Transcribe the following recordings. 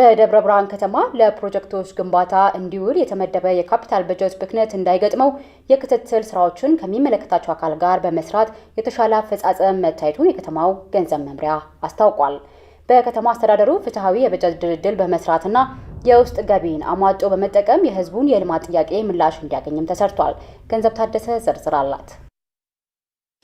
በደብረ ብርሃን ከተማ ለፕሮጀክቶች ግንባታ እንዲውል የተመደበ የካፒታል በጀት ብክነት እንዳይገጥመው የክትትል ስራዎችን ከሚመለከታቸው አካል ጋር በመስራት የተሻለ አፈጻጸም መታየቱን የከተማው ገንዘብ መምሪያ አስታውቋል። በከተማ አስተዳደሩ ፍትሐዊ የበጀት ድልድል በመስራትና የውስጥ ገቢን አሟጮ በመጠቀም የህዝቡን የልማት ጥያቄ ምላሽ እንዲያገኝም ተሰርቷል። ገንዘብ ታደሰ ዝርዝር አላት።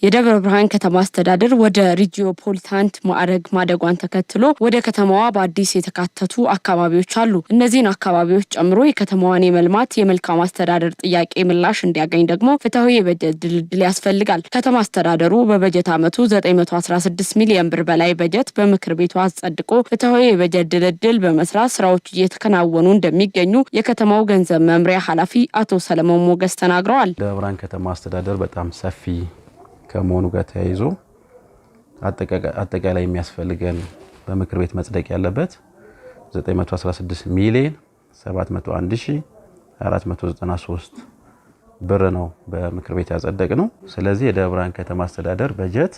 የደብረ ብርሃን ከተማ አስተዳደር ወደ ሪጂዮ ፖሊታንት ማዕረግ ማደጓን ተከትሎ ወደ ከተማዋ በአዲስ የተካተቱ አካባቢዎች አሉ። እነዚህን አካባቢዎች ጨምሮ የከተማዋን የመልማት የመልካም አስተዳደር ጥያቄ ምላሽ እንዲያገኝ ደግሞ ፍትሐዊ የበጀት ድልድል ያስፈልጋል። ከተማ አስተዳደሩ በበጀት ዓመቱ 916 ሚሊዮን ብር በላይ በጀት በምክር ቤቱ አጸድቆ ፍትሐዊ የበጀት ድልድል በመስራት ስራዎች እየተከናወኑ እንደሚገኙ የከተማው ገንዘብ መምሪያ ኃላፊ አቶ ሰለሞን ሞገስ ተናግረዋል። ደብረ ብርሃን ከተማ አስተዳደር በጣም ሰፊ ከመሆኑ ጋር ተያይዞ አጠቃላይ የሚያስፈልገን በምክር ቤት መጽደቅ ያለበት 916 ሚሊዮን 701493 ብር ነው በምክር ቤት ያጸደቅ ነው። ስለዚህ የደብረ ብርሃን ከተማ አስተዳደር በጀት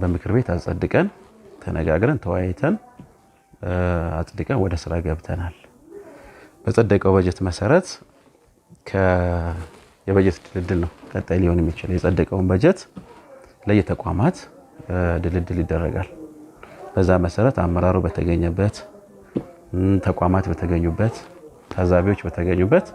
በምክር ቤት አጸድቀን ተነጋግረን ተወያይተን አጽድቀን ወደ ስራ ገብተናል። በጸደቀው በጀት መሰረት የበጀት ድልድል ነው ቀጣይ ሊሆን የሚችል የጸደቀውን በጀት ለየተቋማት ድልድል ይደረጋል። በዛ መሰረት አመራሩ በተገኘበት ተቋማት በተገኙበት ታዛቢዎች በተገኙበት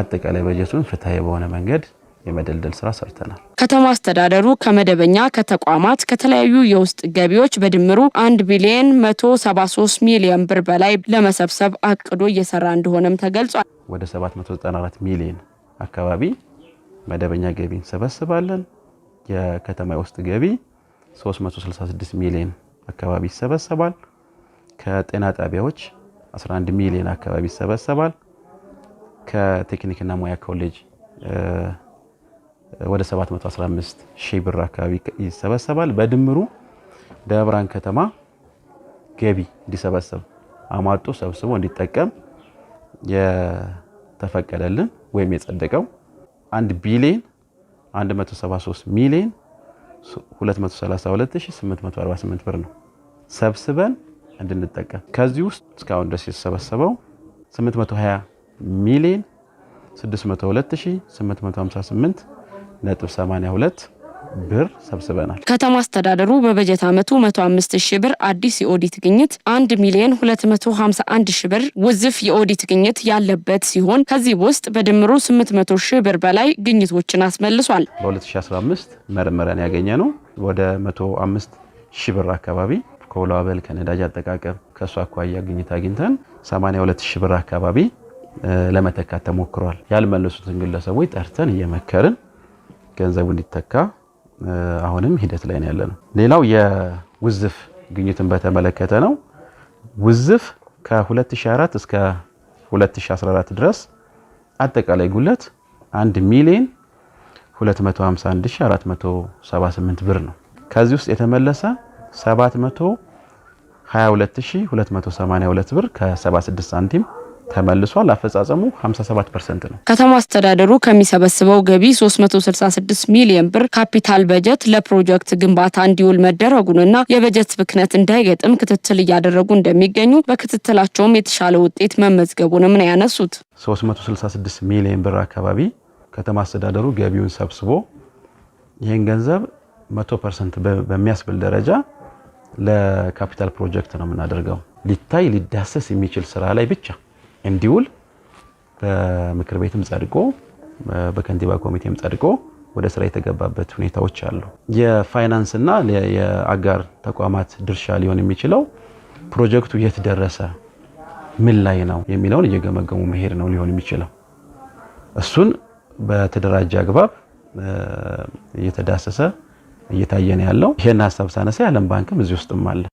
አጠቃላይ በጀቱን ፍትሐዊ በሆነ መንገድ የመደልደል ስራ ሰርተናል። ከተማ አስተዳደሩ ከመደበኛ ከተቋማት ከተለያዩ የውስጥ ገቢዎች በድምሩ አንድ ቢሊየን 173 ሚሊዮን ብር በላይ ለመሰብሰብ አቅዶ እየሰራ እንደሆነም ተገልጿል። ወደ 794 ሚሊዮን አካባቢ መደበኛ ገቢ እንሰበስባለን። የከተማ ውስጥ ገቢ 366 ሚሊዮን አካባቢ ይሰበሰባል። ከጤና ጣቢያዎች 11 ሚሊዮን አካባቢ ይሰበሰባል። ከቴክኒክና ሙያ ኮሌጅ ወደ 715 ሺህ ብር አካባቢ ይሰበሰባል። በድምሩ ደብረ ብርሃን ከተማ ገቢ እንዲሰበሰብ አሟጦ ሰብስቦ እንዲጠቀም የተፈቀደልን ወይም የጸደቀው 1 ቢሊዮን 173 ሚሊዮን 232848 ብር ነው። ሰብስበን እንድንጠቀም ከዚህ ውስጥ እስካሁን ድረስ የተሰበሰበው 820 ሚሊዮን 602858 ነጥብ 82 ብር ሰብስበናል። ከተማ አስተዳደሩ በበጀት ዓመቱ 105 ሺህ ብር አዲስ የኦዲት ግኝት 1 ሚሊዮን 251 ሺህ ብር ውዝፍ የኦዲት ግኝት ያለበት ሲሆን ከዚህ ውስጥ በድምሩ 800 ሺህ ብር በላይ ግኝቶችን አስመልሷል። በ2015 መርምረን ያገኘ ነው ወደ 105 ሺህ ብር አካባቢ ከውሎ አበል ከነዳጅ አጠቃቀም ከእሱ አኳያ ግኝት አግኝተን 82 ሺህ ብር አካባቢ ለመተካት ተሞክሯል። ያልመለሱትን ግለሰቦች ጠርተን እየመከርን ገንዘቡ እንዲተካ አሁንም ሂደት ላይ ነው ያለ ነው። ሌላው የውዝፍ ግኝትን በተመለከተ ነው። ውዝፍ ከ2004 እስከ 2014 ድረስ አጠቃላይ ጉለት 1 ሚሊዮን 251478 ብር ነው። ከዚህ ውስጥ የተመለሰ 722282 ብር ከ76 ሳንቲም ተመልሷል። አፈጻጸሙ 57 ፐርሰንት ነው። ከተማ አስተዳደሩ ከሚሰበስበው ገቢ 366 ሚሊዮን ብር ካፒታል በጀት ለፕሮጀክት ግንባታ እንዲውል መደረጉንና የበጀት ብክነት እንዳይገጥም ክትትል እያደረጉ እንደሚገኙ በክትትላቸውም የተሻለ ውጤት መመዝገቡንም ነው ያነሱት። 366 ሚሊዮን ብር አካባቢ ከተማ አስተዳደሩ ገቢውን ሰብስቦ ይህን ገንዘብ 100 ፐርሰንት በሚያስብል ደረጃ ለካፒታል ፕሮጀክት ነው የምናደርገው። ሊታይ ሊዳሰስ የሚችል ስራ ላይ ብቻ እንዲውል በምክር ቤትም ጸድቆ በከንቲባ ኮሚቴም ጸድቆ ወደ ስራ የተገባበት ሁኔታዎች አሉ። የፋይናንስና የአጋር ተቋማት ድርሻ ሊሆን የሚችለው ፕሮጀክቱ የት ደረሰ፣ ምን ላይ ነው የሚለውን እየገመገሙ መሄድ ነው ሊሆን የሚችለው። እሱን በተደራጀ አግባብ እየተዳሰሰ እየታየ ነው ያለው። ይሄን ሀሳብ ሳነሳ የዓለም ባንክም እዚህ ውስጥም አለ።